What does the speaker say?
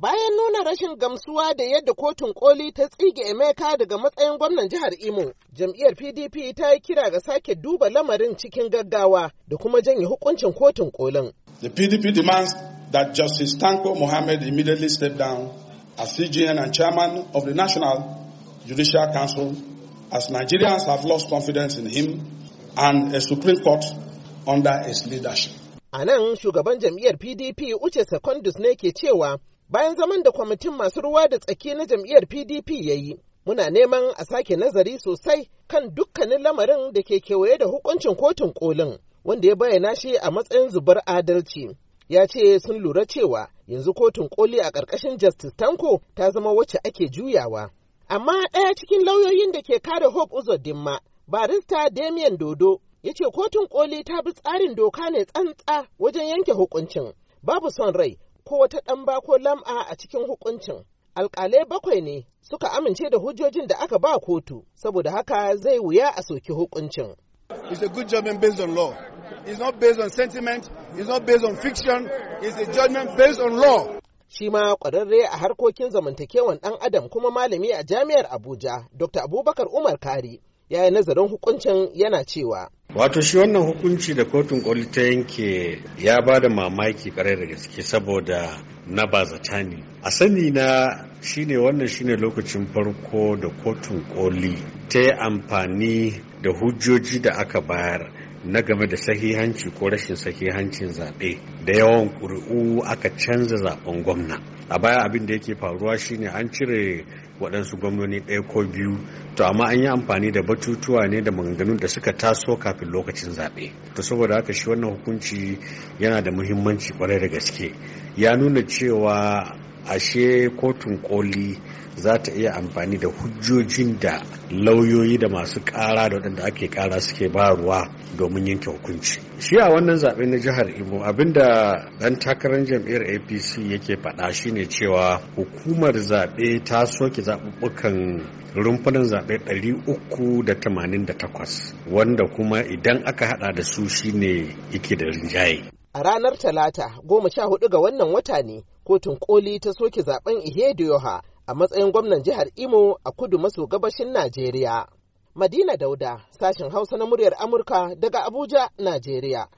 Bayan nuna rashin gamsuwa da yadda kotun koli ta tsige Emeka daga matsayin gwamnan jihar Imo, jam'iyyar PDP ta yi kira ga sake duba lamarin cikin gaggawa da kuma janye hukuncin kotun kolin. The PDP demands that Justice Tanko Mohammed immediately step down as CGN and chairman of the National Judicial Council as Nigerians have lost confidence in him and a Supreme Court under his leadership. A nan shugaban jam'iyyar PDP Uche Secondus ne ke cewa bayan zaman da kwamitin masu ruwa da tsaki na jam'iyyar pdp ya yi muna neman a sake nazari sosai kan dukkanin lamarin da ke kewaye da hukuncin kotun kolin wanda ya bayyana shi a matsayin zubar adalci ya ce sun lura cewa yanzu kotun koli a ƙarƙashin justice tanko ta zama wacce ake juyawa amma ɗaya cikin lauyoyin da ke kare hope Dimma, barista damien dodo ya ce kotun koli ta bi tsarin doka ne tsantsa wajen yanke hukuncin babu son rai ko wata ɗan ko lam'a a cikin hukuncin. Alƙalai bakwai ne suka amince da hujjojin da aka ba kotu, saboda haka zai wuya a soki hukuncin. It's a good judgment based on law. It's not based on sentiment, it's not based on fiction, it's a judgment based on law. Shi ma ƙwararre a harkokin zamantakewan ɗan Adam kuma malami a Jami'ar Abuja, Dr. Abubakar Umar Kari, ya yi nazarin hukuncin yana cewa wato shi wannan hukunci da kotun koli ta yanke ya ba da mamaki kwarai da gaske saboda na zata ne a sani na shine wannan shine lokacin farko da kotun koli ta yi amfani da hujjoji da aka bayar na game da sahihanci ko rashin sahihancin zaɓe da yawan ƙuri'u aka canza zaɓen gwamna a baya abin da yake faruwa shine an cire waɗansu gwamnoni ɗaya ko biyu to amma an yi amfani da batutuwa ne da maganganun da suka taso kafin lokacin zaɓe to saboda haka shi wannan hukunci yana da muhimmanci kwarai da gaske ya nuna cewa ashe kotun koli za ta iya amfani da hujjojin da lauyoyi da masu kara da waɗanda ake kara suke bayarwa domin yanke hukunci shi a wannan zaɓe na jihar imo abinda ɗan takarar jam'iyyar apc yake faɗa shine cewa hukumar zaɓe ta soke zaɓuɓɓukan rumfunan zaɓe 388 wanda kuma idan aka haɗa da su shine yake da rinjaye a ranar talata goma sha hudu ga wannan wata ne kotun koli ta soke zaben Yoha a matsayin gwamnan jihar imo a kudu maso gabashin najeriya madina dauda sashen hausa na muryar amurka daga abuja najeriya